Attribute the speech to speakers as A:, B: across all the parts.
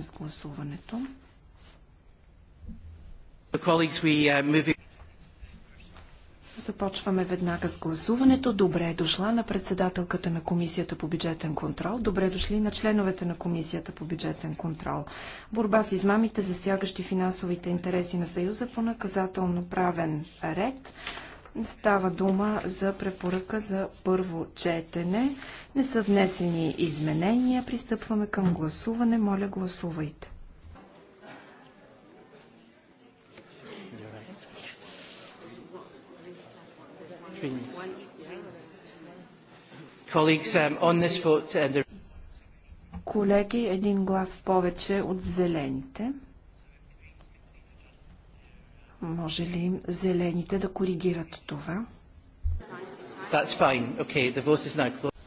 A: започнем с гласуването.
B: Uh,
A: Започваме веднага с гласуването. Добре е дошла на председателката на Комисията по бюджетен контрол. Добре е дошли на членовете на Комисията по бюджетен контрол. Борба с измамите, засягащи финансовите интереси на Съюза по наказателно правен ред. Става дума за препоръка за първо четене. Не са внесени изменения. Пристъпваме към гласуване. Моля,
C: гласувайте.
B: Um, uh,
A: Колеги, един глас повече от зелените. Може ли зелените да коригират това?
B: Okay,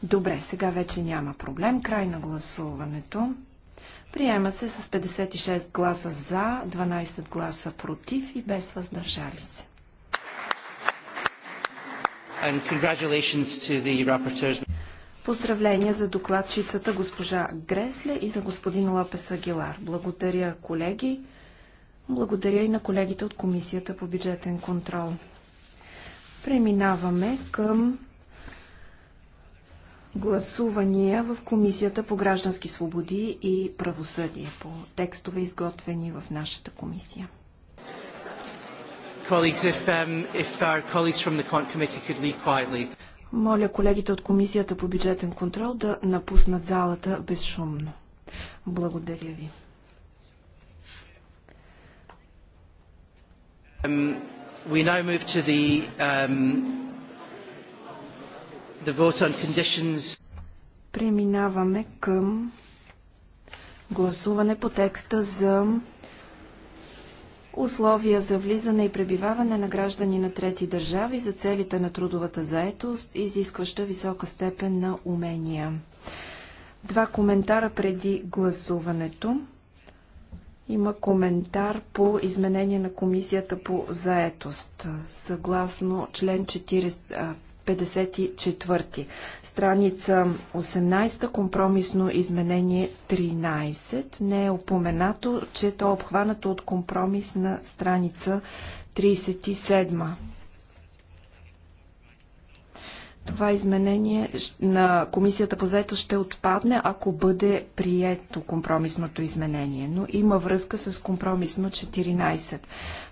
B: Добре,
A: сега вече няма проблем. Край на гласуването. Приема се с 56 гласа за, 12 гласа против и без въздържали се. Поздравления за докладчицата госпожа Гресле и за господин Лапес Агилар. Благодаря, колеги. Благодаря и на колегите от Комисията по бюджетен контрол. Преминаваме към гласувания в Комисията по граждански свободи и правосъдие по текстове, изготвени в нашата комисия.
B: Um,
A: Моля колегите от Комисията по бюджетен контрол да напуснат залата безшумно. Благодаря ви.
B: Um, we now move to the, um, the vote on conditions.
A: Преминаваме към гласуване по текста за условия за влизане и пребиваване на граждани на трети държави за целите на трудовата заетост, изискваща висока степен на умения. Два коментара преди гласуването. Има коментар по изменение на комисията по заетост, съгласно член 40, 54. Страница 18, компромисно изменение 13. Не е упоменато, че то е обхванато от компромис на страница 37. Това изменение на Комисията по заето ще отпадне, ако бъде прието компромисното изменение, но има връзка с компромисно 14.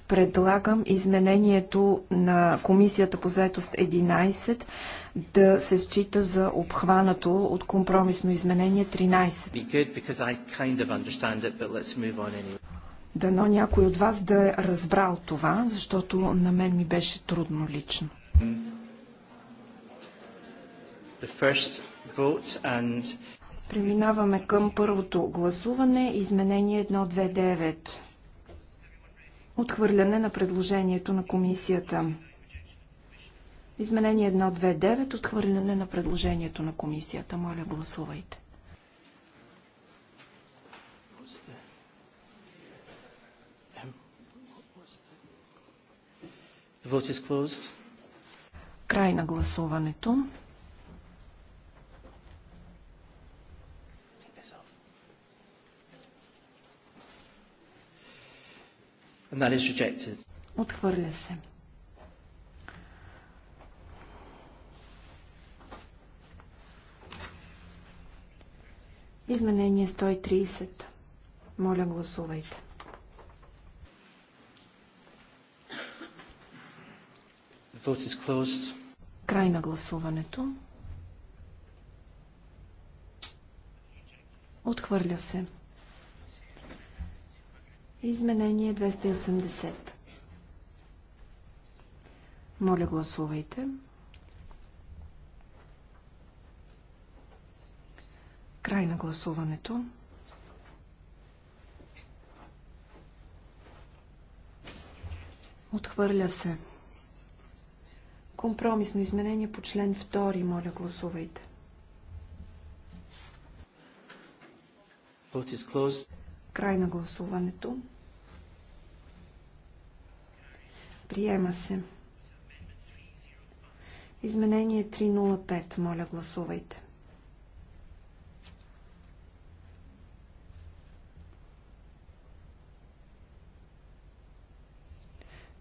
A: Предлагам изменението на Комисията по заетост 11 да се счита за обхванато от компромисно изменение
B: 13.
A: Дано някой от вас да е разбрал това, защото на мен ми беше трудно лично. Преминаваме към първото гласуване. Изменение 1.2.9. Отхвърляне на предложението на комисията. Изменение 1.2.9. Отхвърляне на предложението на комисията. Моля, гласувайте. Край на гласуването.
B: and that is rejected. Отхвърля се.
A: Изменение 130. Моля, гласувайте.
B: The vote is closed.
A: Край на гласуването. Отхвърля се. Изменение 280. Моля, гласувайте. Край на гласуването. Отхвърля се. Компромисно изменение по член 2. Моля, гласувайте. Край на гласуването. Приема се. Изменение 305. Моля, гласувайте.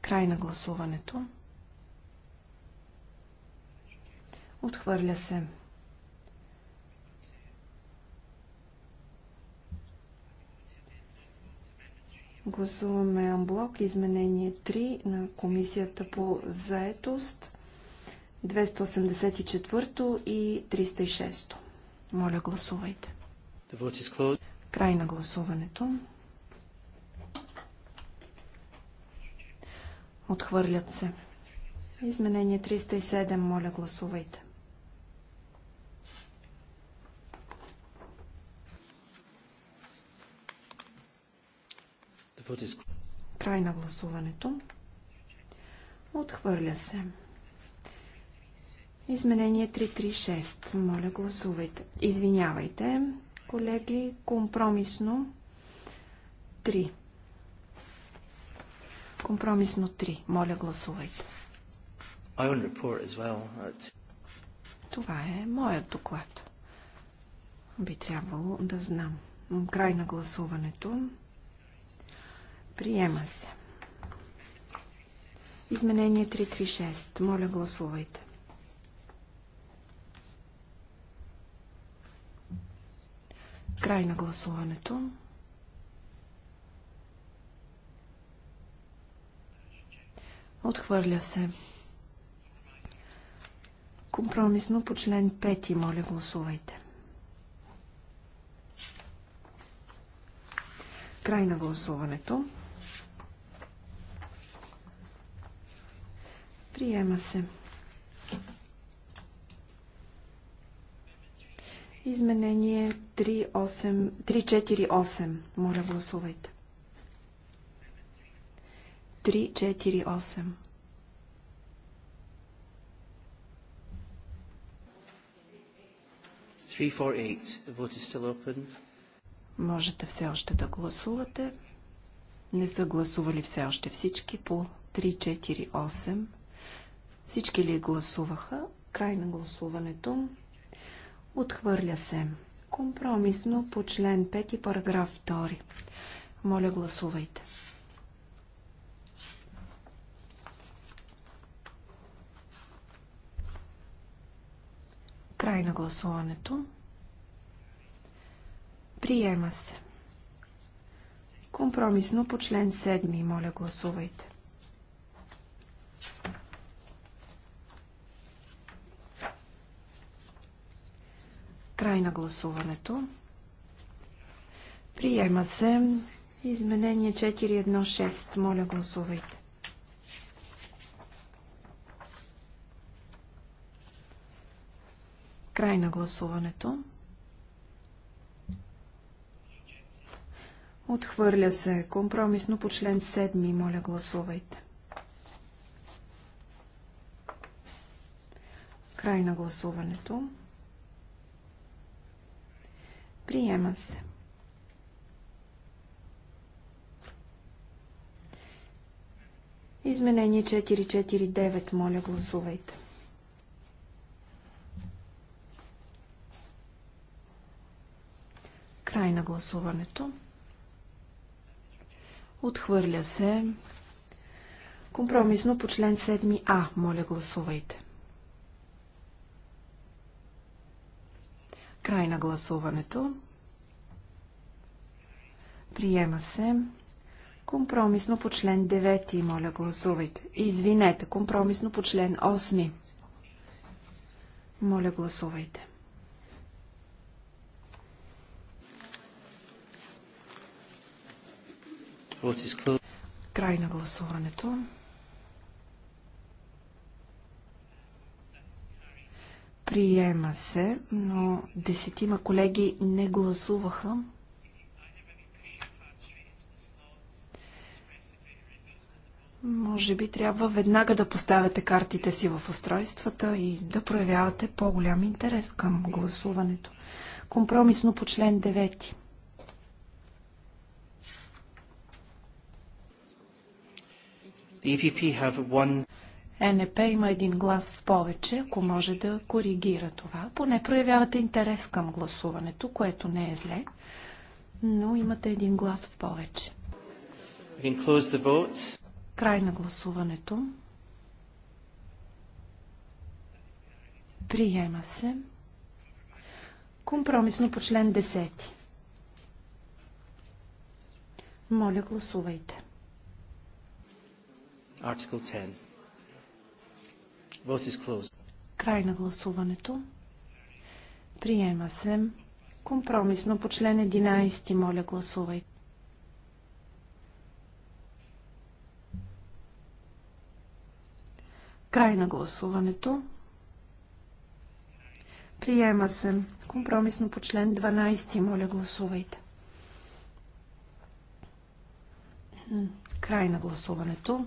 A: Край на гласуването. Отхвърля се. Гласуваме анблок изменение 3 на Комисията по заетост 284 и 306. Моля, гласувайте. Край на гласуването. Отхвърлят се. Изменение 307. Моля, гласувайте. Край на гласуването. Отхвърля се. Изменение 336. Моля, гласувайте. Извинявайте, колеги, компромисно 3. Компромисно 3. Моля, гласувайте.
B: Well.
A: Това е моят доклад. Би трябвало да знам. Край на гласуването. Приема се. Изменение 336. Моля, гласувайте. Край на гласуването. Отхвърля се. Компромисно по член 5, моля гласувайте. Край на гласуването. Приема се. Изменение 348. 348. Моля, гласувайте. 348. Можете все още да гласувате. Не са гласували все още всички по 348. Всички ли гласуваха? Край на гласуването. Отхвърля се. Компромисно по член 5 параграф 2. Моля, гласувайте. Край на гласуването. Приема се. Компромисно по член 7. Моля, гласувайте. Край на гласуването. Приема се изменение 416. Моля, гласувайте. Край на гласуването. Отхвърля се компромисно по член 7. Моля, гласувайте. Край на гласуването. Приема се. Изменение 449, моля гласувайте. Край на гласуването. Отхвърля се. Компромисно по член 7а, моля гласувайте. Край на гласуването. Приема се. Компромисно по член 9. Моля, гласувайте. Извинете, компромисно по член 8. Моля, гласувайте. Край на гласуването. Приема се, но десетима колеги не гласуваха. Може би трябва веднага да поставяте картите си в устройствата и да проявявате по-голям интерес към гласуването. Компромисно по член 9.
B: E one...
A: ЕНП има един глас в повече, ако може да коригира това. Поне проявявате интерес към гласуването, което не е зле, но имате един глас в повече. Край на гласуването. Приема се. Компромисно по член 10. Моля, гласувайте.
B: Article 10.
A: Край на гласуването. Приема се. Компромисно по член 11. Моля, гласувай. Край на гласуването. Приема се. Компромисно по член 12. Моля, гласувайте. Край на гласуването.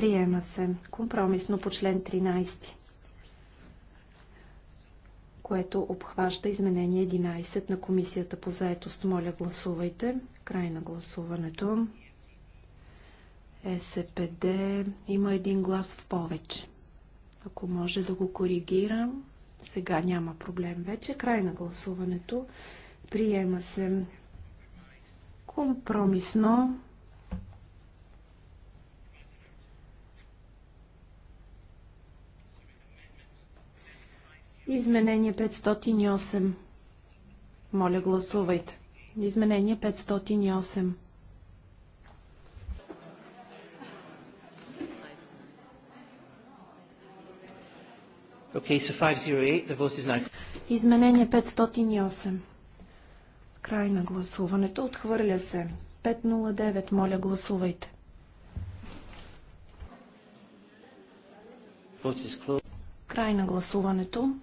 A: Приема се компромисно по член 13, което обхваща изменение 11 на Комисията по заетост. Моля, гласувайте. Край на гласуването. СПД има един глас в повече. Ако може да го коригирам, сега няма проблем вече. Край на гласуването. Приема се компромисно Изменение 508. Моля, гласувайте. Изменение 508.
B: Okay, so 508, the vote is now...
A: Изменение 508. Край на гласуването. Отхвърля се. 509. Моля, гласувайте. Край на гласуването.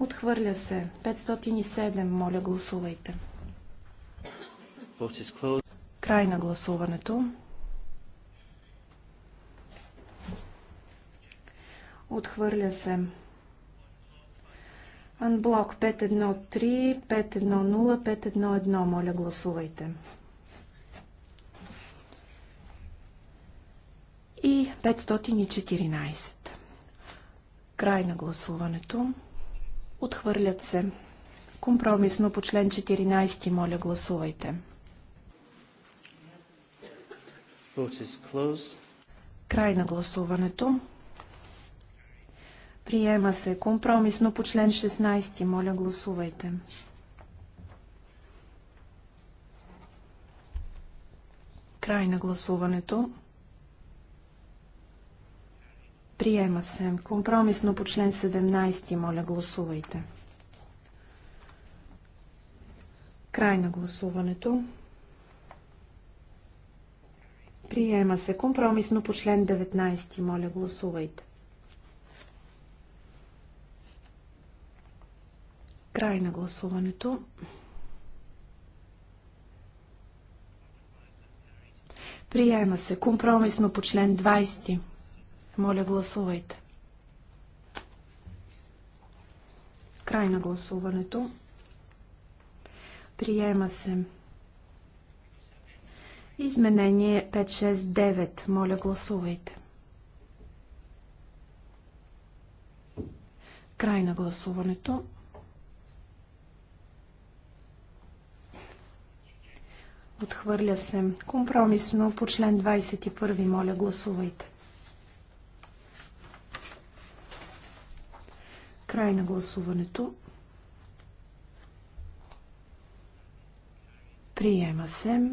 A: Отхвърля се. 507. Моля, гласувайте. Край на гласуването. Отхвърля се. Анблок 513, 510, 511. Моля, гласувайте. И 514. Край на гласуването. Отхвърлят се. Компромисно по член 14, моля гласувайте. Край на гласуването. Приема се. Компромисно по член 16, моля гласувайте. Край на гласуването. Приема се. Компромисно по член 17. Моля, гласувайте. Край на гласуването. Приема се. Компромисно по член 19. Моля, гласувайте. Край на гласуването. Приема се. Компромисно по член 20. Моля, гласувайте. Край на гласуването. Приема се. Изменение 569. Моля, гласувайте. Край на гласуването. Отхвърля се. Компромисно по член 21. Моля, гласувайте. Край на гласуването. Приема се.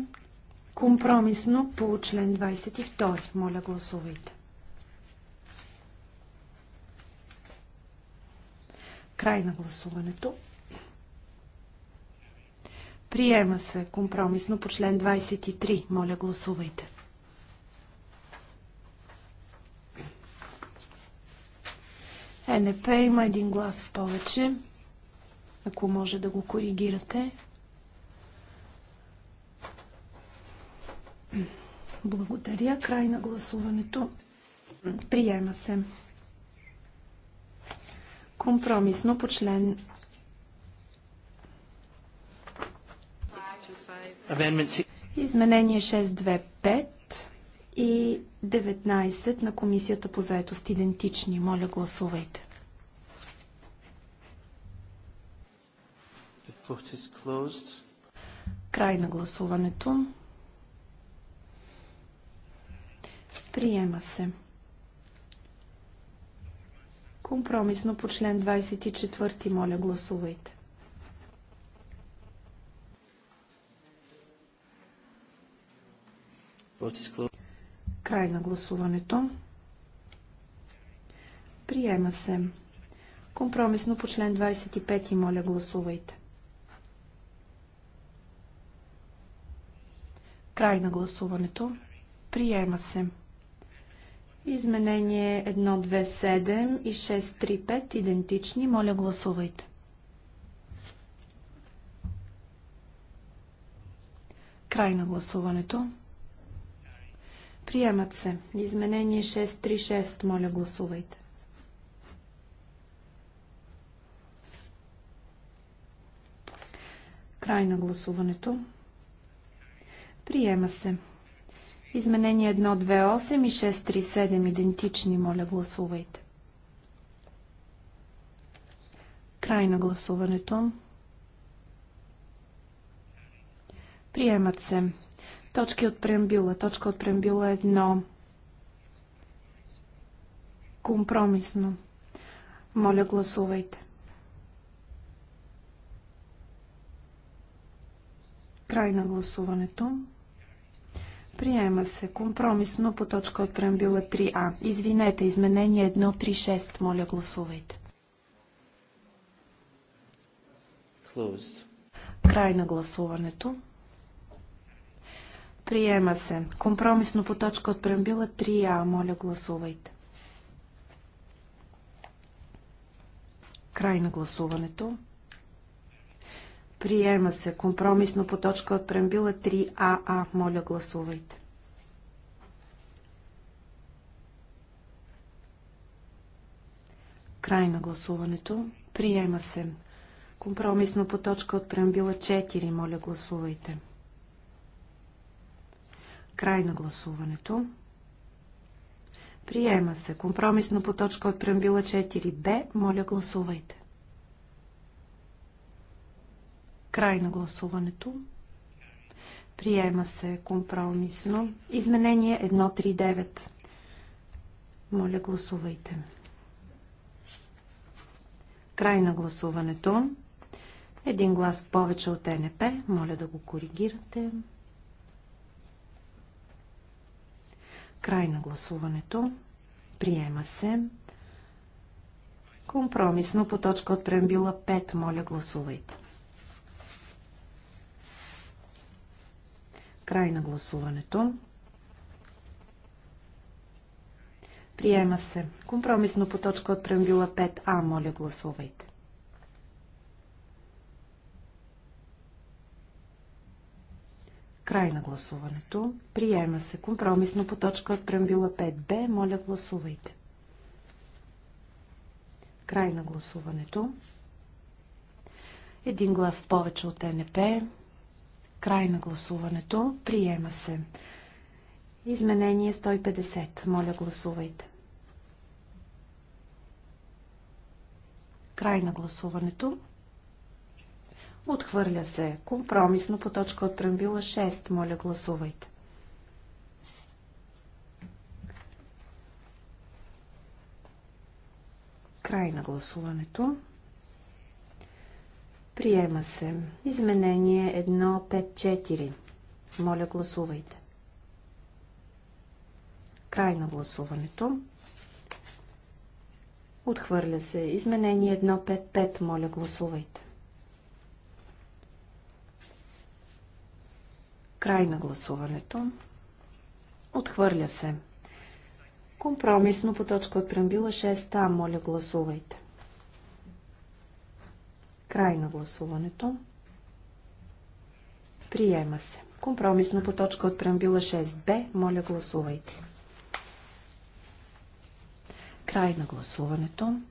A: Компромисно по член 22. Моля гласувайте. Край на гласуването. Приема се компромисно по член 23. Моля гласувайте. НП има един глас в повече, ако може да го коригирате. Благодаря. Край на гласуването. Приема се. Компромисно по член Изменение 625 и 19 на Комисията по заетост идентични. Моля, гласувайте. Край на гласуването. Приема се. Компромисно по член 24. Моля, гласувайте. Край на гласуването. Приема се. Компромисно по член 25 моля гласувайте. Край на гласуването. Приема се. Изменение 127 и 635 идентични. Моля гласувайте. Край на гласуването. Приемат се. Изменение 636. Моля, гласувайте. Край на гласуването. Приема се. Изменение 128 и 637 идентични. Моля, гласувайте. Край на гласуването. Приемат се. Точки от преамбюла. Точка от преамбюла е едно Компромисно. Моля, гласувайте. Край на гласуването. Приема се компромисно по точка от преамбюла 3А. Извинете, изменение 136. Моля, гласувайте. Closed. Край на гласуването. Приема се. Компромисно по точка от преамбила 3А. Моля, гласувайте. Край на гласуването. Приема се. Компромисно по точка от преамбила 3АА. Моля, гласувайте. Край на гласуването. Приема се. Компромисно по точка от преамбила 4. Моля, гласувайте. Край на гласуването. Приема се. Компромисно по точка от преамбила 4Б. Моля, гласувайте. Край на гласуването. Приема се компромисно. Изменение 139. Моля, гласувайте. Край на гласуването. Един глас в повече от НП. Моля да го коригирате. Край на гласуването. Приема се. Компромисно по точка от преамбюла 5. Моля, гласувайте. Край на гласуването. Приема се. Компромисно по точка от преамбюла 5А. Моля, гласувайте. Край на гласуването. Приема се компромисно по точка от преамбюла 5b. Моля, гласувайте. Край на гласуването. Един глас повече от НП. Край на гласуването. Приема се. Изменение 150. Моля, гласувайте. Край на гласуването. Отхвърля се. Компромисно по точка от прембила 6. Моля, гласувайте. Край на гласуването. Приема се. Изменение 1.5.4. Моля, гласувайте. Край на гласуването. Отхвърля се. Изменение 1.5.5. Моля, гласувайте. Край на гласуването. Отхвърля се.
C: Компромисно
A: по точка от преамбила 6а. Моля, гласувайте. Край на гласуването. Приема се. Компромисно по точка от преамбила 6б. Моля, гласувайте. Край на гласуването.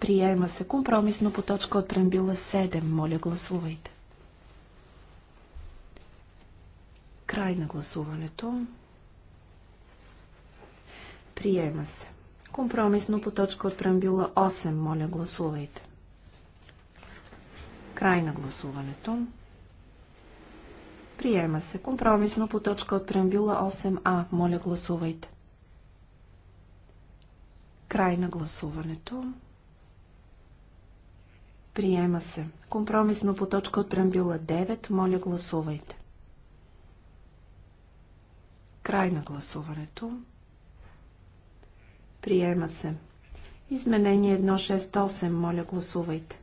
A: Приема се компромисно по точка от преамбила 7. Моля, гласувайте. Край на гласуването. Приема се. Компромисно по точка от преамбюла 8. Моля, гласувайте. Край на гласуването. Приема се. Компромисно по точка от преамбюла 8а. Моля, гласувайте. Край на гласуването. Приема се. Компромисно по точка от преамбюла 9. Моля, гласувайте. Край на гласуването. Приема се. Изменение 168. Моля, гласувайте.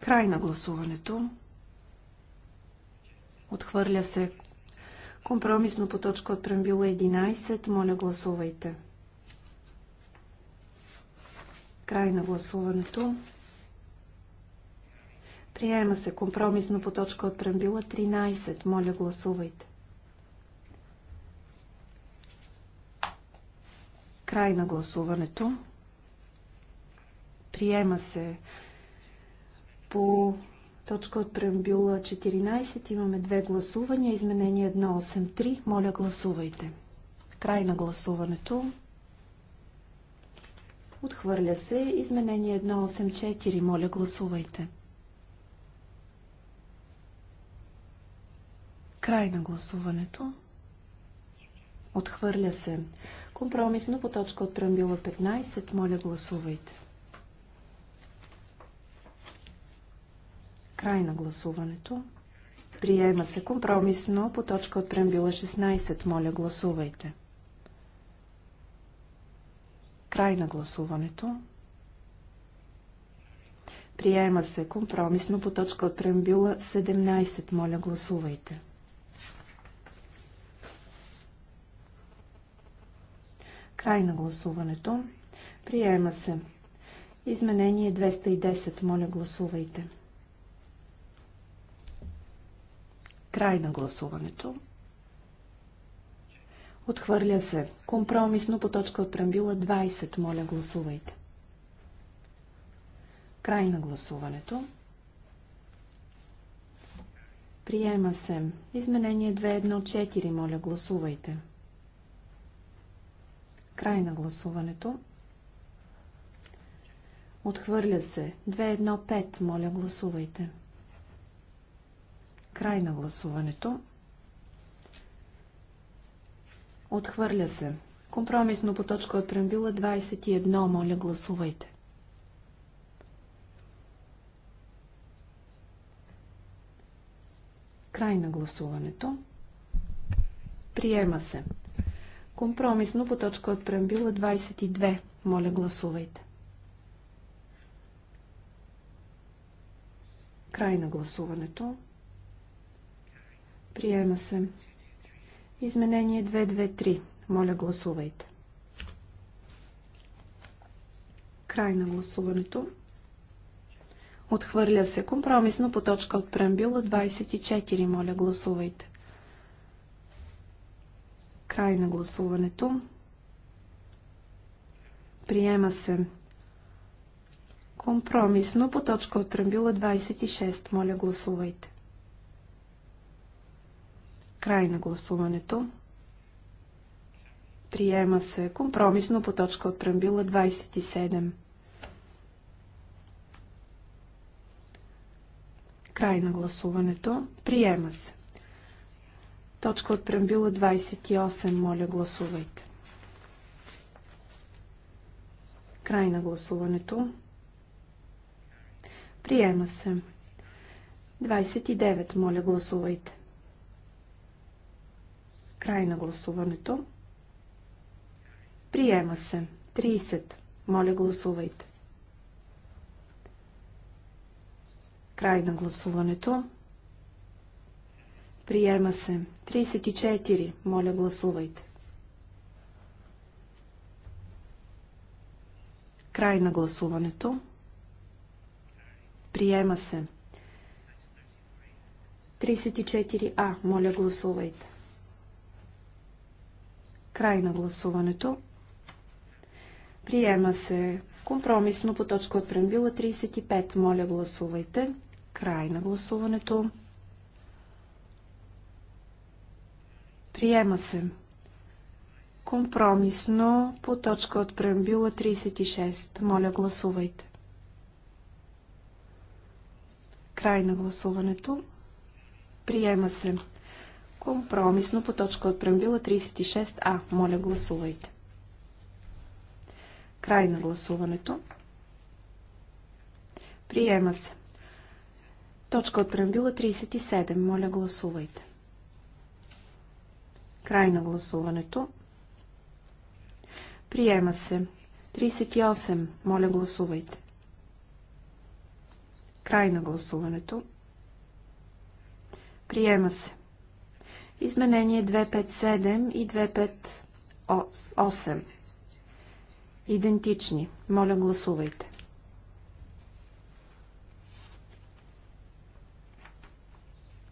A: Край на гласуването. Отхвърля се компромисно по точка от прембила 11. Моля, гласувайте. Край на гласуването. Приема се компромисно по точка от прембила 13. Моля, гласувайте. Край на гласуването. Приема се по точка от преамбюла 14. Имаме две гласувания. Изменение 183. Моля, гласувайте. Край на гласуването. Отхвърля се. Изменение 184. Моля, гласувайте. Край на гласуването. Отхвърля се. Компромисно по точка от преамбила 15. Моля, гласувайте. Край на гласуването. Приема се компромисно по точка от преамбила 16. Моля, гласувайте. Край на гласуването. Приема се компромисно по точка от преамбила 17. Моля, гласувайте. Край на гласуването. Приема се. Изменение 210. Моля, гласувайте. Край на гласуването. Отхвърля се. Компромисно по точка от прембила 20. Моля, гласувайте. Край на гласуването. Приема се. Изменение 214. Моля, гласувайте. Край на гласуването. Отхвърля се. 2, 1, 5, Моля, гласувайте. Край на гласуването. Отхвърля се. Компромисно по точка от преамбюла 21. Моля, гласувайте. Край на гласуването. Приема се. Компромисно по точка от преамбила 22. Моля, гласувайте. Край на гласуването. Приема се. Изменение 223. Моля, гласувайте. Край на гласуването. Отхвърля се компромисно по точка от преамбюла 24. Моля, гласувайте. Край на гласуването. Приема се. Компромисно по точка от Рамбюла 26. Моля, гласувайте. Край на гласуването. Приема се. Компромисно по точка от Рамбюла 27. Край на гласуването. Приема се. Точка от Прембила 28. Моля, гласувайте. Край на гласуването. Приема се. 29. Моля, гласувайте. Край на гласуването. Приема се. 30. Моля, гласувайте. Край на гласуването. Приема се. 34. Моля, гласувайте. Край на гласуването. Приема се. 34А. Моля, гласувайте. Край на гласуването. Приема се. Компромисно по точка от Пренбила 35. Моля, гласувайте. Край на гласуването. Приема се. Компромисно по точка от преамбюла 36. Моля, гласувайте. Край на гласуването. Приема се. Компромисно по точка от преамбюла 36А. Моля, гласувайте. Край на гласуването. Приема се. Точка от преамбюла 37. Моля, гласувайте. Край на гласуването. Приема се. 38. Моля гласувайте. Край на гласуването. Приема се. Изменение 257 и 258. Идентични. Моля гласувайте.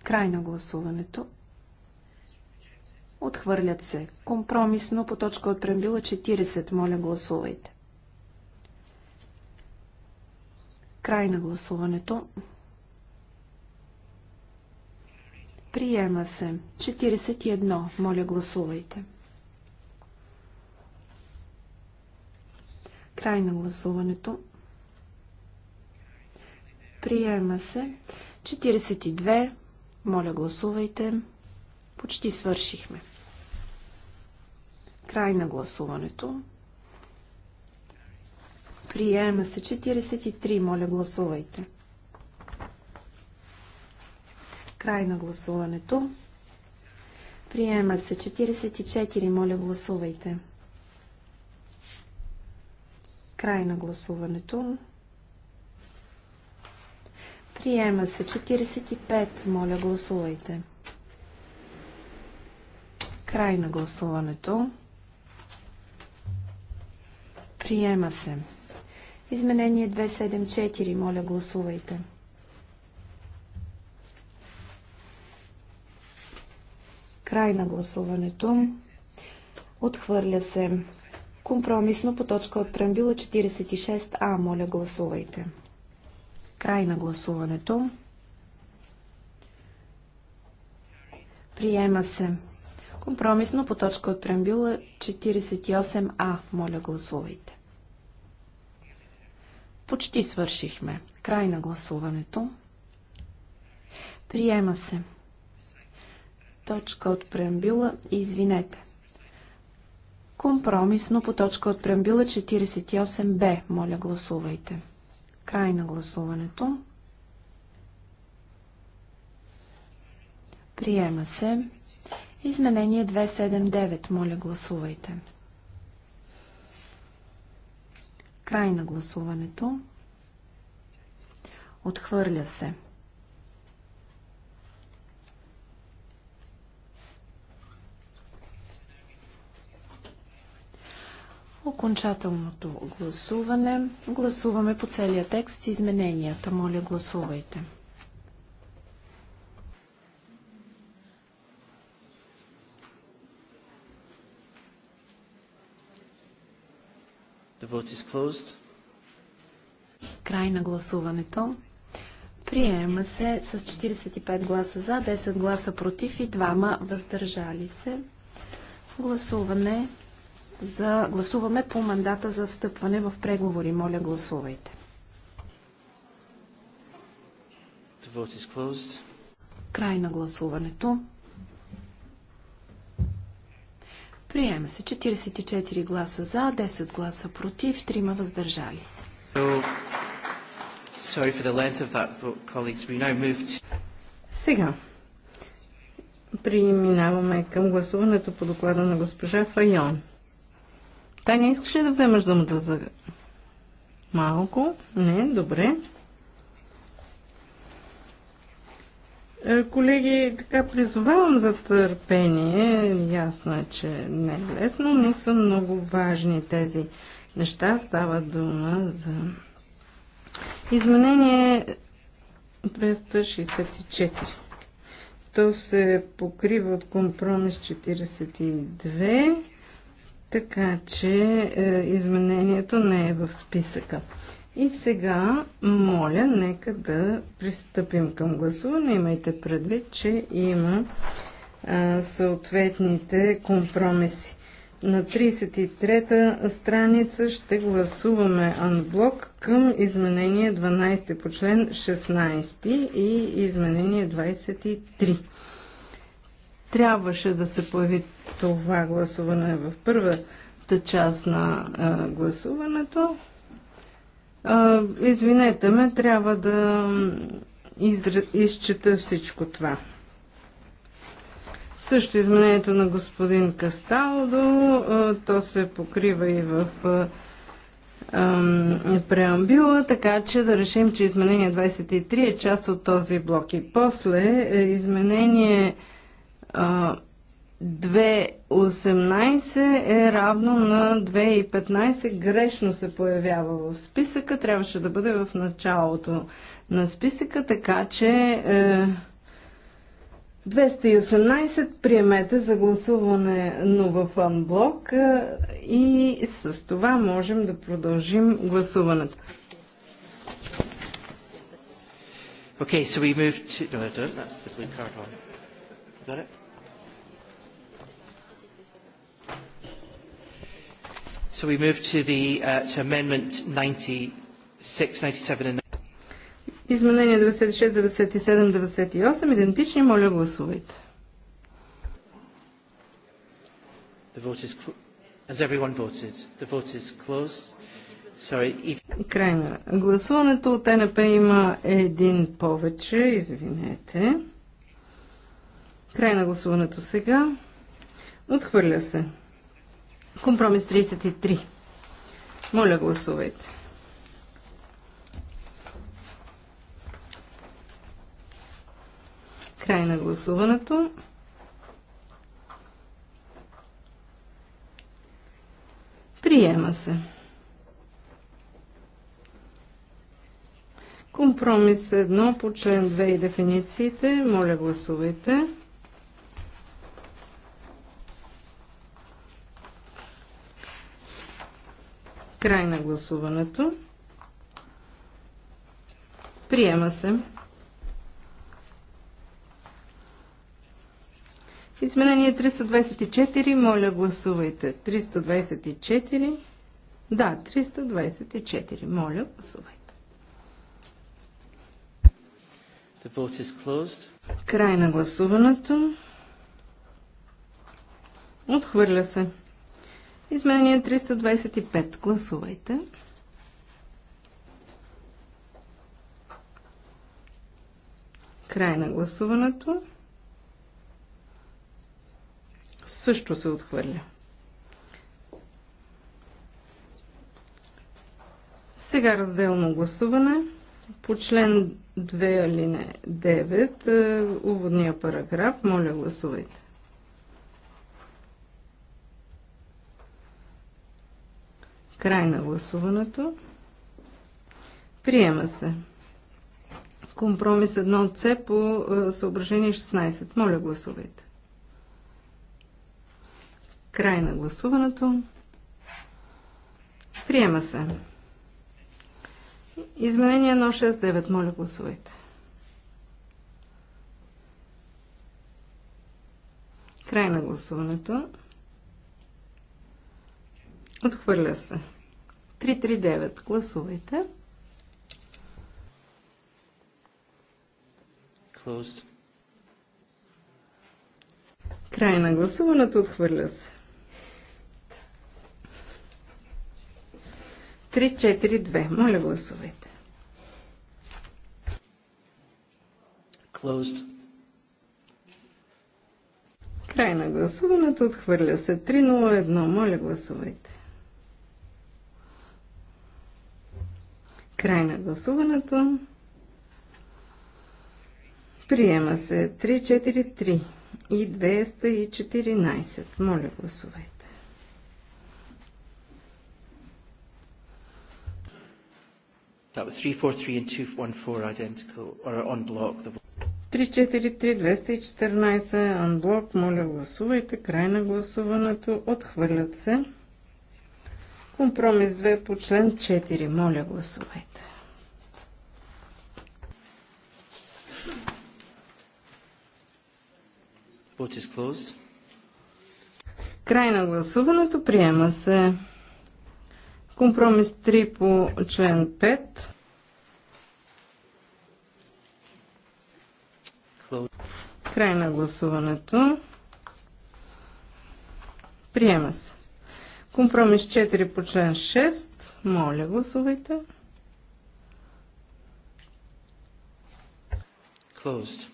A: Край на гласуването. Отхвърлят се. Компромисно по точка от прембила 40. Моля, гласувайте. Край на гласуването. Приема се. 41. Моля, гласувайте. Край на гласуването. Приема се. 42. Моля, гласувайте. Почти свършихме. Край на гласуването. Приема се 43. Моля, гласувайте. Край на гласуването. Приема се 44. Моля, гласувайте. Край на гласуването. Приема се 45. Моля, гласувайте. Край на гласуването. Приема се. Изменение 274. Моля, гласувайте. Край на гласуването. Отхвърля се. Компромисно по точка от прембила 46А. Моля, гласувайте. Край на гласуването. Приема се. Компромисно по точка от прембила 48А. Моля, гласувайте. Почти свършихме. Край на гласуването. Приема се. Точка от преамбюла. Извинете. Компромисно по точка от преамбюла 48б. Моля, гласувайте. Край на гласуването. Приема се. Изменение 279. Моля, гласувайте. Край на гласуването. Отхвърля се. Окончателното гласуване. Гласуваме по целия текст с измененията. Моля, гласувайте. Край на гласуването. Приема се с 45 гласа за, 10 гласа против и 2 въздържали се. Гласуване за... Гласуваме по мандата за встъпване в преговори. Моля, гласувайте. Край на гласуването. Приема се 44 гласа за, 10 гласа против, 3 въздържали се.
C: Сега преминаваме към гласуването по доклада на госпожа Файон. Таня, искаш ли да вземаш думата за малко? Не, добре. Е, колеги, така призовавам за търпение. Ясно е, че не е лесно, но са много важни тези неща. Става дума за изменение 264. То се покрива от компромис 42, така че е, изменението не е в списъка. И сега, моля, нека да пристъпим към гласуване. Имайте предвид, че има а, съответните компромиси. На 33-та страница ще гласуваме анблок към изменение 12 по член 16 и изменение 23. Трябваше да се появи това гласуване в първата част на а, гласуването. А, извинете ме, трябва да изчета всичко това. Също изменението на господин Касталдо, то се покрива и в преамбюла, така че да решим, че изменение 23 е част от този блок. И после е изменение 2.18 е равно на 2.15. Грешно се появява в списъка. Трябваше да бъде в началото на списъка, така че е, 218 приемете за гласуване, но в анблок е, и с това можем да продължим гласуването.
B: Okay, so we move to... No, That's the blue card one. got it? So we move to the uh, to amendment 96, 97 and
C: 98
B: The vote is as everyone voted? The vote is closed. Sorry. If...
C: Край на гласуването. От ЕНП има един повече. Извинете. Край на гласуването сега. Отхвърля се. Компромис 33. Моля, гласувайте. Край на гласуването. Приема се. Компромис 1 по член 2 и дефинициите. Моля, гласувайте. Край на гласуването. Приема се. Изменение 324. Моля, гласувайте. 324. Да, 324. Моля, гласувайте. The vote is closed. Край на гласуването. Отхвърля се. Изменение 325. Гласувайте. Край на гласуването. Също се отхвърля. Сега разделно гласуване по член 2 алине 9, уводния параграф. Моля, гласувайте. Край на гласуването. Приема се. Компромис 1 с по е, съображение 16. Моля, гласувайте. Край на гласуването. Приема се. Изменение 169. Моля, гласувайте. Край на гласуването. Отхвърля се. 339. Гласувайте. Closed. Край на гласуването. Отхвърля се. 342. Моля, гласувайте. Closed. Край на гласуването. Отхвърля се. 301. Моля, гласувайте. Край на гласуването. Приема се 343 и 214. Моля, гласувайте.
B: That was 343 and 214 identical, or on block. The...
C: 343-214 анблок, моля гласувайте, край на гласуването, отхвърлят се. Компромис 2 по член 4. Моля, гласувайте. Край на гласуването приема се. Компромис 3 по член 5. Край на гласуването. Приема се. Компромис 4 по член 6. Моля, гласувайте. Closed.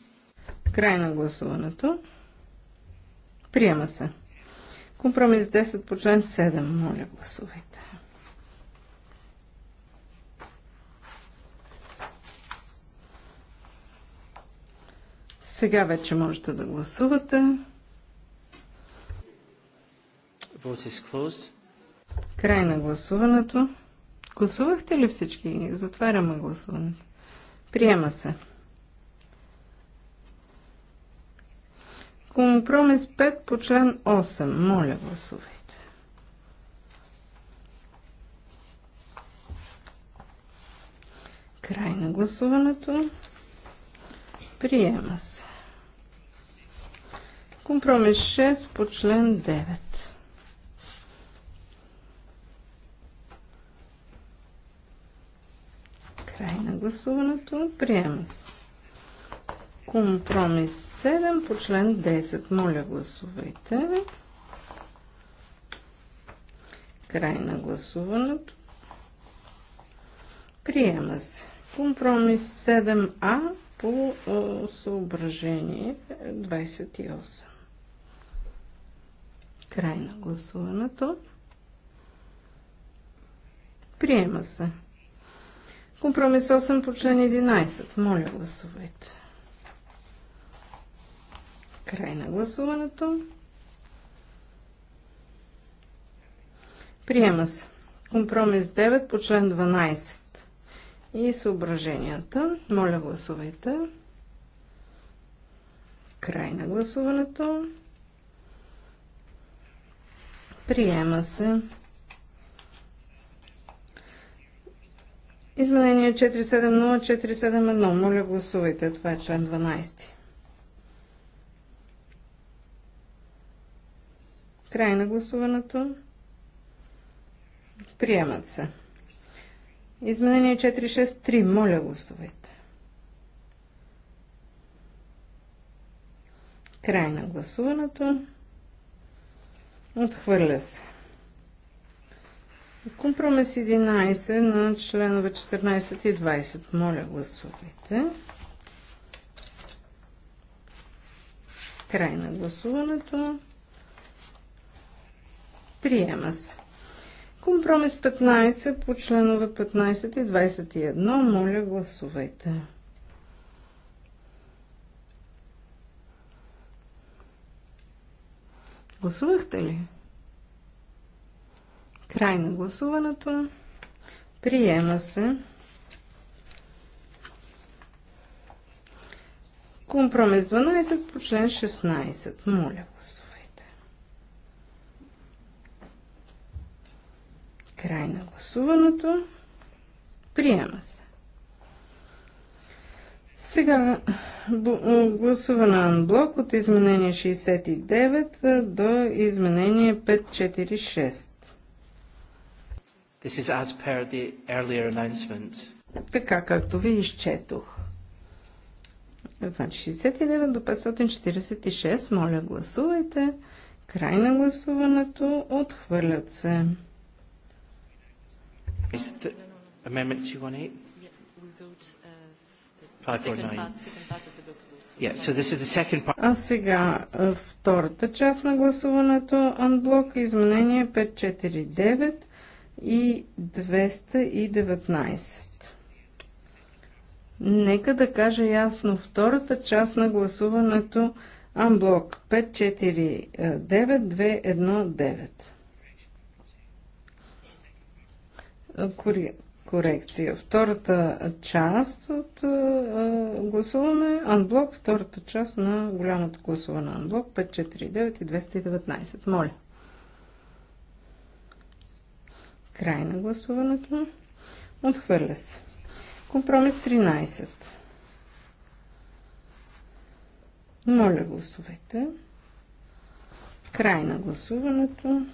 C: Край на гласуването. Приема се. Компромис 10 по член 7. Моля, гласувайте. Сега вече можете да гласувате.
B: Vote is closed.
C: Край на гласуването. Гласувахте ли всички? Затваряме гласуването. Приема се. Компромис 5 по член 8. Моля, гласувайте. Край на гласуването. Приема се. Компромис 6 по член 9. гласуването. Приема се. Компромис 7 по член 10. Моля, гласувайте. Край на гласуването. Приема се. Компромис 7А по съображение 28. Край на гласуването. Приема се. Компромис 8 по член 11. Моля, гласувайте. Край на гласуването. Приема се. Компромис 9 по член 12. И съображенията. Моля, гласувайте. Край на гласуването. Приема се. Изменение 470471. Моля гласувайте. Това е член 12. Край на гласуването. Приемат се. Изменение 463. Моля гласувайте. Край на гласуването. Отхвърля се. Компромис 11 на членове 14 и 20. Моля, гласувайте. Край на гласуването. Приема се. Компромис 15 по членове 15 и 21. Моля, гласувайте. Гласувахте ли? Край на гласуването. Приема се. Компромис 12 по член 16. Моля, гласувайте. Край на гласуването. Приема се. Сега гласуване блок от изменение 69 до изменение 546.
B: This is as per the earlier
C: announcement. Така както ви изчетох. Значи 69 до 546, моля гласувайте. Край на гласуването, отхвърлят се. Is it the amendment 218? Uh, а сега е, втората част на гласуването, анблок, изменение 549 и 219. Нека да кажа ясно втората част на гласуването Амблок 549 Корекция. Втората част от гласуване, Анблок, втората част на голямото гласуване Анблок 549 и 219. Моля. Край на гласуването. Отхвърля се. Компромис 13. Моля, гласовете. Край на гласуването.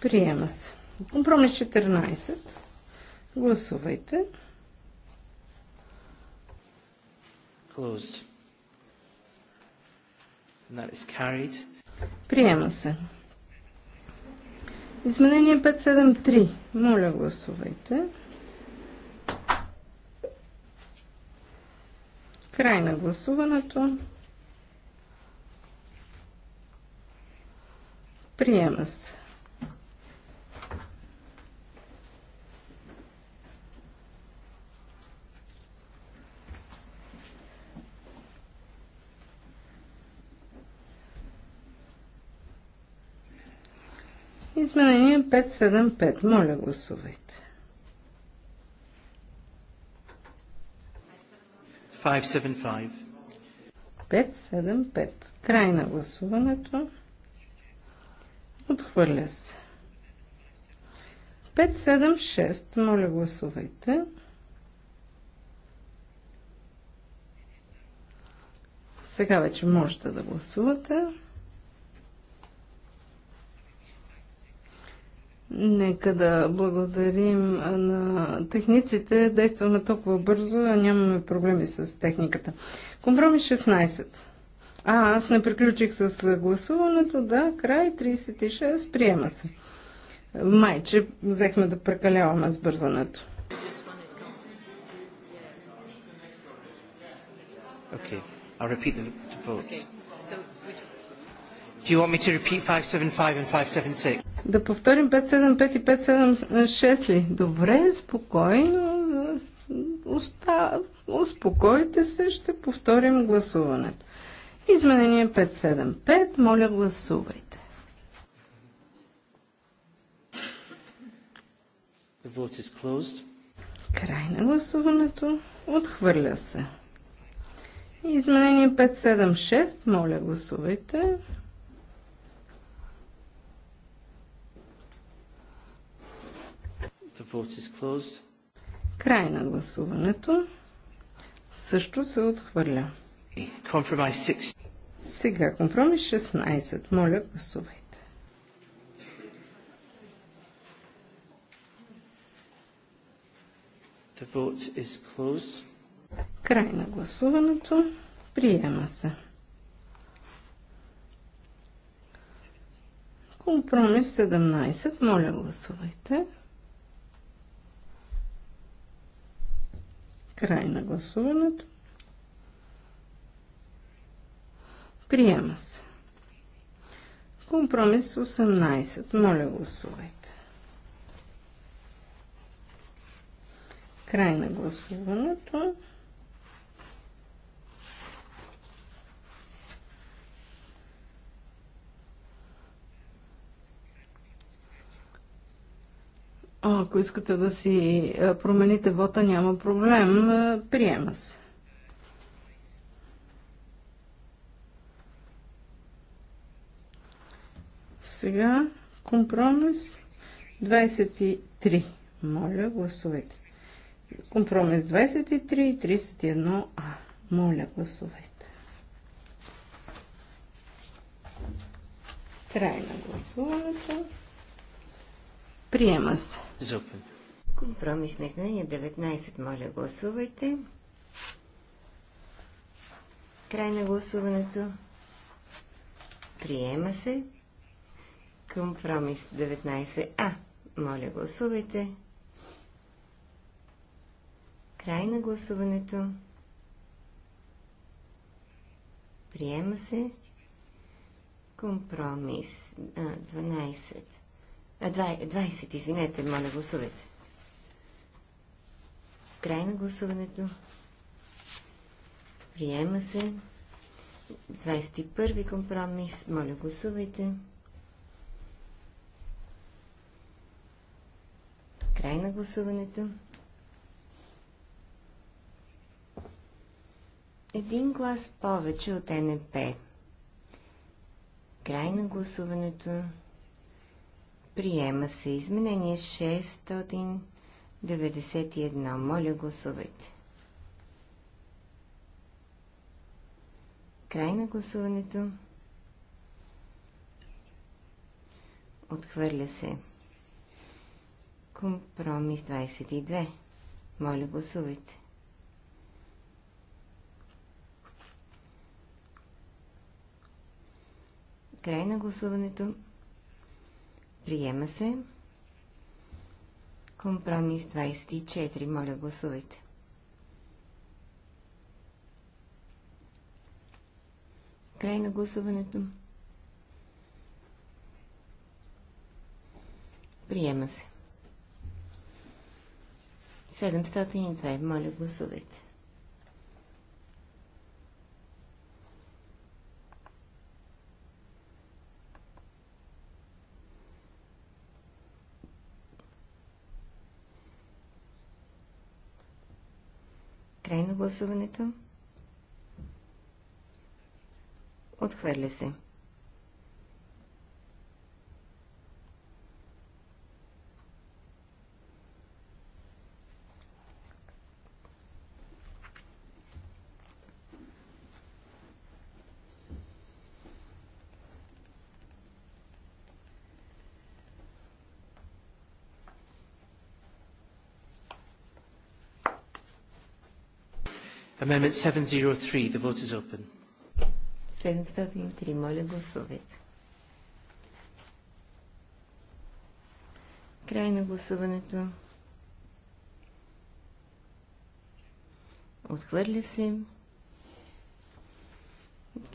C: Приема се. Компромис 14. Гласувайте. Closed. Приема се. Изменение 573. Моля, гласувайте. Край на гласуването. Приема се. Изменение 575. Моля, гласувайте. 575. Край на гласуването. Отхвърля се. 576. Моля, гласувайте. Сега вече можете да гласувате. Нека да благодарим на техниците. Действаме толкова бързо, а нямаме проблеми с техниката. Компромис 16. А, аз не приключих с гласуването. Да, край 36. Приема се. Майче, взехме да прекаляваме с бързането.
B: Okay. I'll repeat the, the votes. Okay. So, which... Do you want me to repeat 575 and 576?
C: Да повторим 575 и 576 ли? Добре, спокойно. Уста, Успокойте се, ще повторим гласуването. Изменение 575, моля гласувайте.
B: The vote is closed.
C: Край на гласуването. Отхвърля се. Изменение 576, моля гласувайте. Край на гласуването. Също се отхвърля. Сега компромис 16. Моля, гласувайте.
B: The vote is closed.
C: Край на гласуването. Приема се. Компромис 17. Моля, гласувайте. Край на гласуването. Приема се. Компромис 18. Моля гласувайте. Край на гласуването. искате да си е, промените вота, няма проблем. Е, приема се. Сега компромис 23. Моля, гласувайте. Компромис 23 и 31А. Моля, гласувайте. Край на
D: гласуването.
C: Приема се. Компромис
D: Компромисно изменение 19. Моля, гласувайте. Край на гласуването. Приема се. Компромис 19А. Моля, гласувайте. Край на гласуването. Приема се. Компромис 12. 20, извинете, моля, гласувайте. Край на гласуването. Приема се. 21 компромис. Моля, гласувайте. Край на гласуването. Един глас повече от НП. Край на гласуването. Приема се изменение 691. Моля, гласувайте. Край на гласуването. Отхвърля се. Компромис 22. Моля, гласувайте. Край на гласуването. Приема се. Компромис 24. Моля, гласувайте. Край на гласуването. Приема се. 702. Моля, гласувайте. Край на гласуването. Отхвърля се.
B: Amendment 703. The vote is open.
D: 703. Моля, гласувайте. Край на гласуването. Отхвърля се.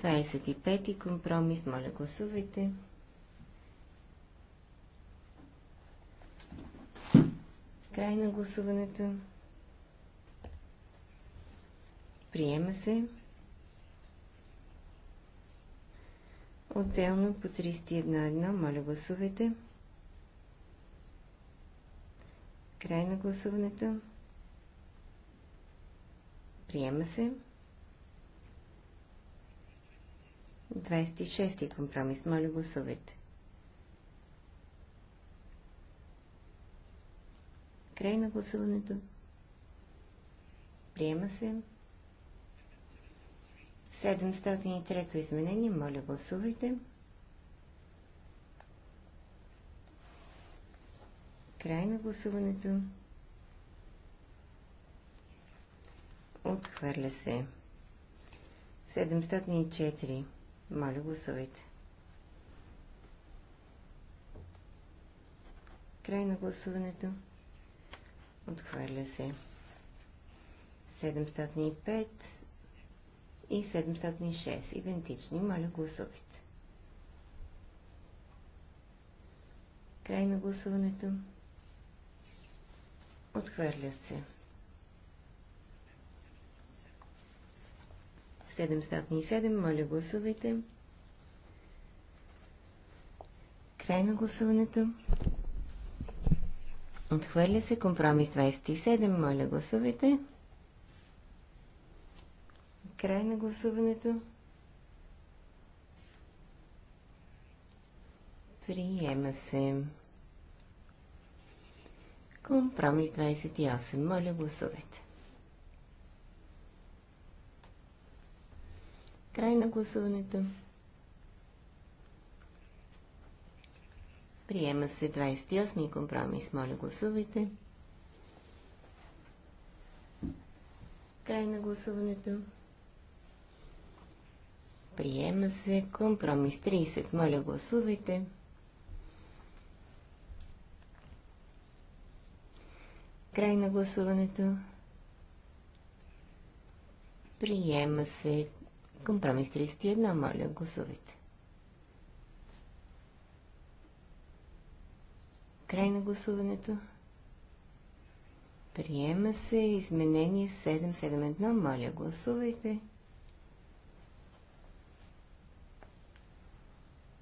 D: 25 компромис. Моля, гласувайте. Край на гласуването. Приема се. Отделно по 31.1. Моля гласувайте. Край на гласуването. Приема се. 26-ти компромис. Моля гласувайте. Край на гласуването. Приема се. 703 изменение. Моля, гласувайте. Край на гласуването. Отхвърля се. 704. Моля, гласувайте. Край на гласуването. Отхвърля се. 705 и 706. Идентични. Моля, гласувайте. Край на гласуването. Отхвърлят се. 707. Моля, гласувайте. Край на гласуването. Отхвърля се компромис 27. Моля, гласувайте. Край на гласуването. Приема се. Компромис 28. Моля, гласувайте. Край на гласуването. Приема се 28 компромис. Моля, гласувайте. Край на гласуването. Приема се компромис 30. Моля, гласувайте. Край на гласуването. Приема се компромис 31. Моля, гласувайте. Край на гласуването. Приема се изменение 771. Моля, гласувайте.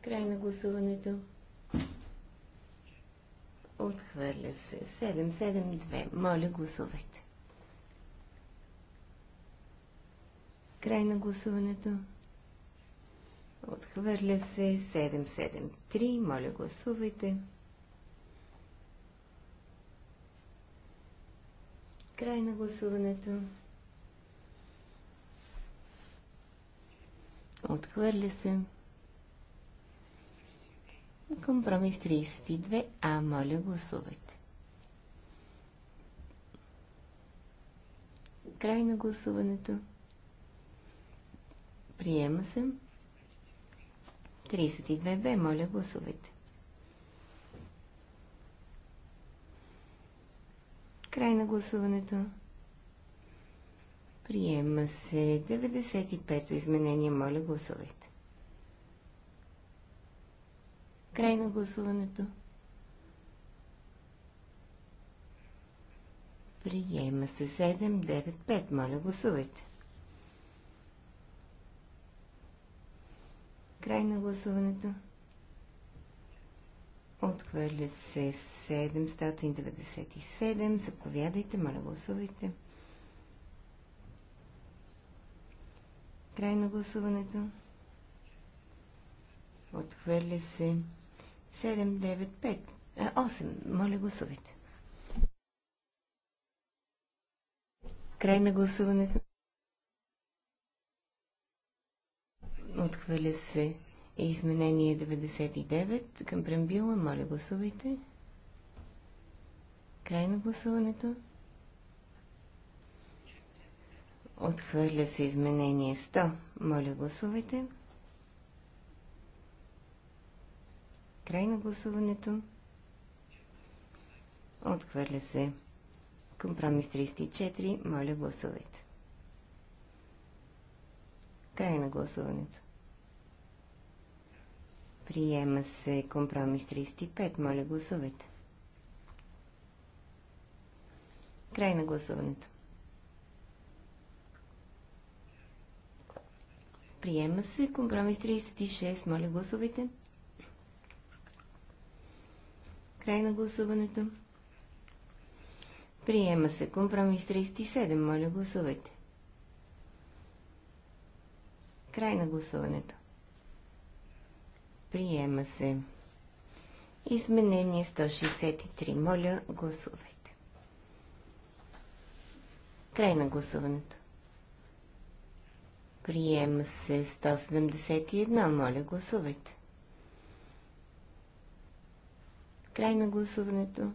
D: Край на гласуването. Отхвърля се. 772. Моля, гласувайте. Край на гласуването. Отхвърля се 773. Моля, гласувайте. Край на гласуването. Отхвърля се Компромис 32А. Моля, гласувайте. Край на гласуването. Приема се. 32Б. Моля, гласувайте. Край на гласуването. Приема се 95-то изменение. Моля, гласувайте. Край на гласуването. Приема се 795. Моля, гласувайте. Край на гласуването. Отхвърля се 797. Заповядайте, моля, гласувайте. Край на гласуването. Отхвърля се 795. 8. Моля, гласувайте. Край на гласуването. Отхвърля се изменение 99 към прембила. Моля, гласувайте. Край на гласуването. Отхвърля се изменение 100. Моля, гласувайте. Край на гласуването. Отхвърля се. Компромис 34. Моля, гласувайте. Край на гласуването. Приема се компромис 35. Моля, гласувайте. Край на гласуването. Приема се компромис 36. Моля, гласувайте. Край на гласуването. Приема се компромис 37. Моля, гласувайте. Край на гласуването. Приема се. Изменение 163. Моля, гласувайте. Край на гласуването. Приема се 171. Моля, гласувайте. Край на гласуването.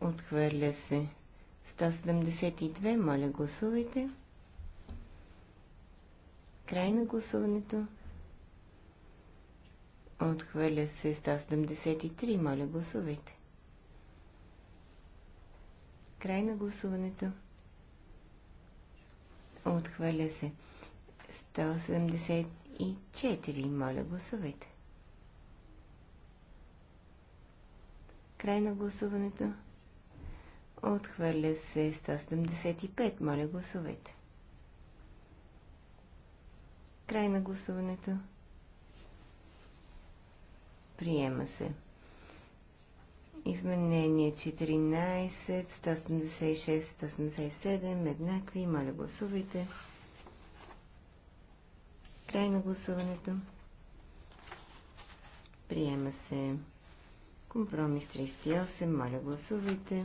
D: Отхвърля се. 172. Моля, гласувайте. Край на гласуването. Отхвърля се 173. Моля, гласувайте. Край на гласуването. Отхвърля се 174. Моля, гласувайте. Край на гласуването. Отхвърля се 175. Моля, гласувайте. Край на гласуването. Приема се. Изменение 14, 176, 177, еднакви. Моля, гласувайте. Край на гласуването. Приема се. Компромис 38. Моля, гласувайте.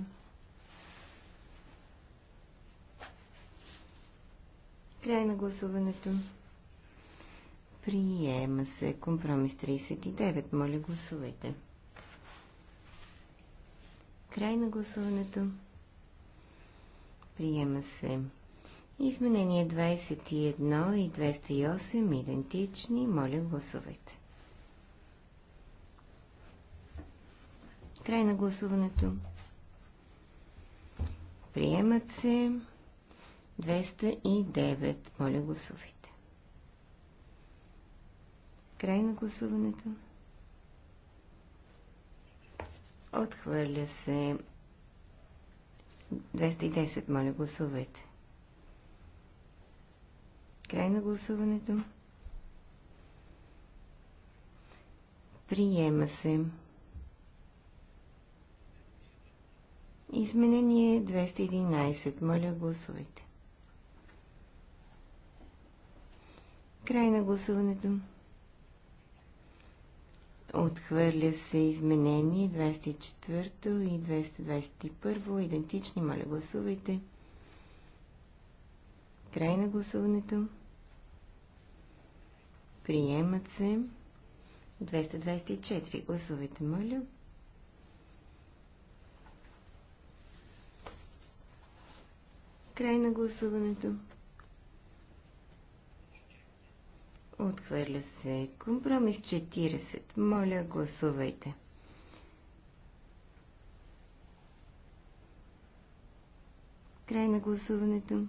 D: Край на гласуването. Приема се компромис 39. Моля, гласувайте. Край на гласуването. Приема се. Изменение 21 и 208 идентични. Моля, гласувайте. Край на гласуването. Приемат се 209. Моля, гласувайте. Край на гласуването. Отхвърля се 210. Моля, гласувайте. Край на гласуването. Приема се. Изменение 211. Моля, гласувайте. Край на гласуването. Отхвърля се изменение 24 и 221. Идентични, моля, гласувайте. Край на гласуването. Приемат се 224. Гласувайте, моля. Край на гласуването. Отхвърля се. Компромис 40. Моля, гласувайте. Край на гласуването.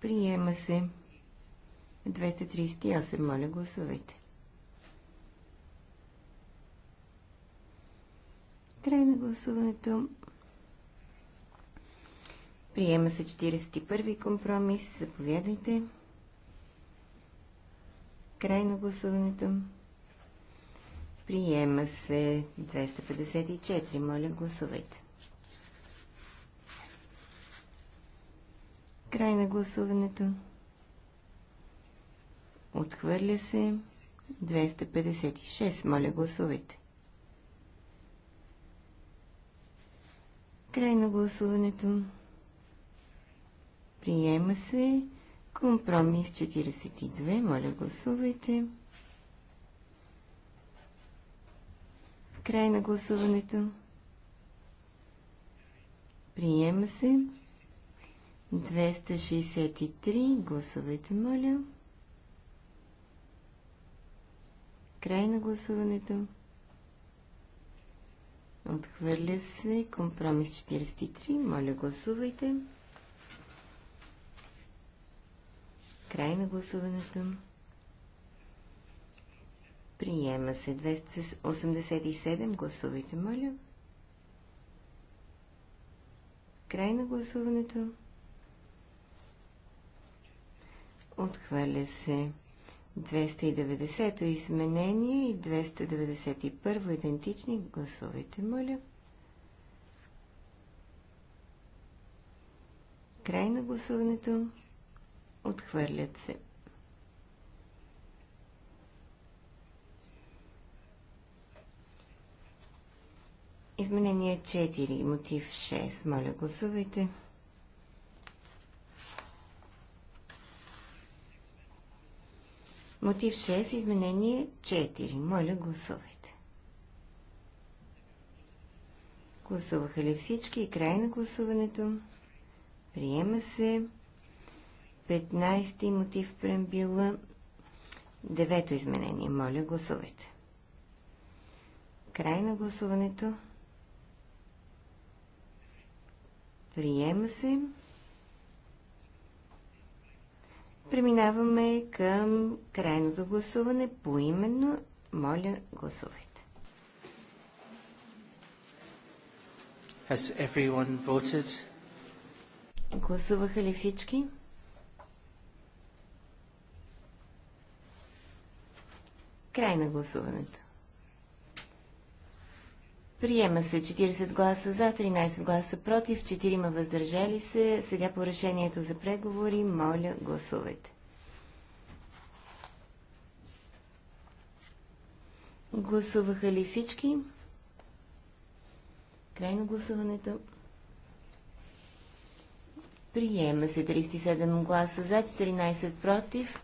D: Приема се. 238. Моля, гласувайте. Край на гласуването. Приема се 41-и компромис. Заповядайте. Край на гласуването. Приема се 254. Моля, гласувайте. Край на гласуването. Отхвърля се 256. Моля, гласувайте. Край на гласуването. Приема се компромис 42. Моля, гласувайте. Край на гласуването. Приема се. 263. Гласувайте, моля. Край на гласуването. Отхвърля се компромис 43. Моля, гласувайте. Край на гласуването. Приема се 287. Гласувайте, моля. Край на гласуването. Отхвърля се 290-то изменение и 291-во идентични. Гласувайте, моля. Край на гласуването. Отхвърлят се. Изменение 4, мотив 6. Моля, гласувайте. Мотив 6, изменение 4. Моля, гласувайте. Гласуваха ли всички и край на гласуването? Приема се. 15 мотив прембила девето изменение. Моля, гласувайте. Край на гласуването. Приема се. Преминаваме към крайното гласуване поименно. Моля, гласувайте.
B: Has everyone voted?
D: Гласуваха ли всички? Край на гласуването. Приема се 40 гласа за, 13 гласа против, 4 ма въздържали се. Сега по решението за преговори, моля, гласувайте. Гласуваха ли всички? Край на гласуването. Приема се 37 гласа за, 14 против,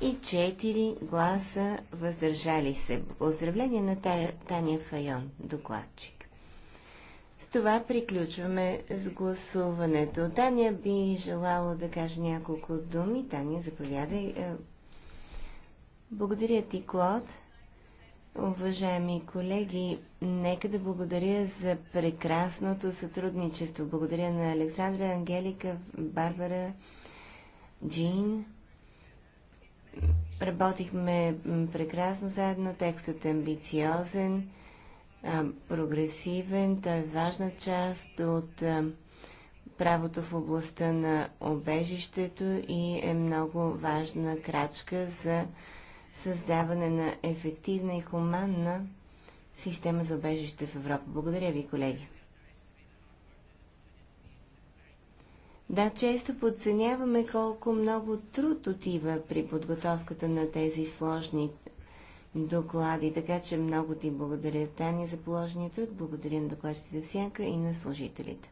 D: и 4 гласа въздържали се. Поздравление на Таня Файон, докладчик. С това приключваме с гласуването. Таня би желала да каже няколко думи. Таня, заповядай. Е, благодаря ти, Клод. Уважаеми колеги, нека да благодаря за прекрасното сътрудничество. Благодаря на Александра, Ангелика, Барбара, Джин, Работихме прекрасно заедно, текстът е амбициозен, прогресивен, той е важна част от правото в областта на обежището и е много важна крачка за създаване на ефективна и хуманна система за обежище в Европа. Благодаря ви, колеги. Да, често подценяваме колко много труд отива при подготовката на тези сложни доклади. Така че много ти благодаря, Таня, за положения труд. Благодаря на докладчите всяка и на служителите.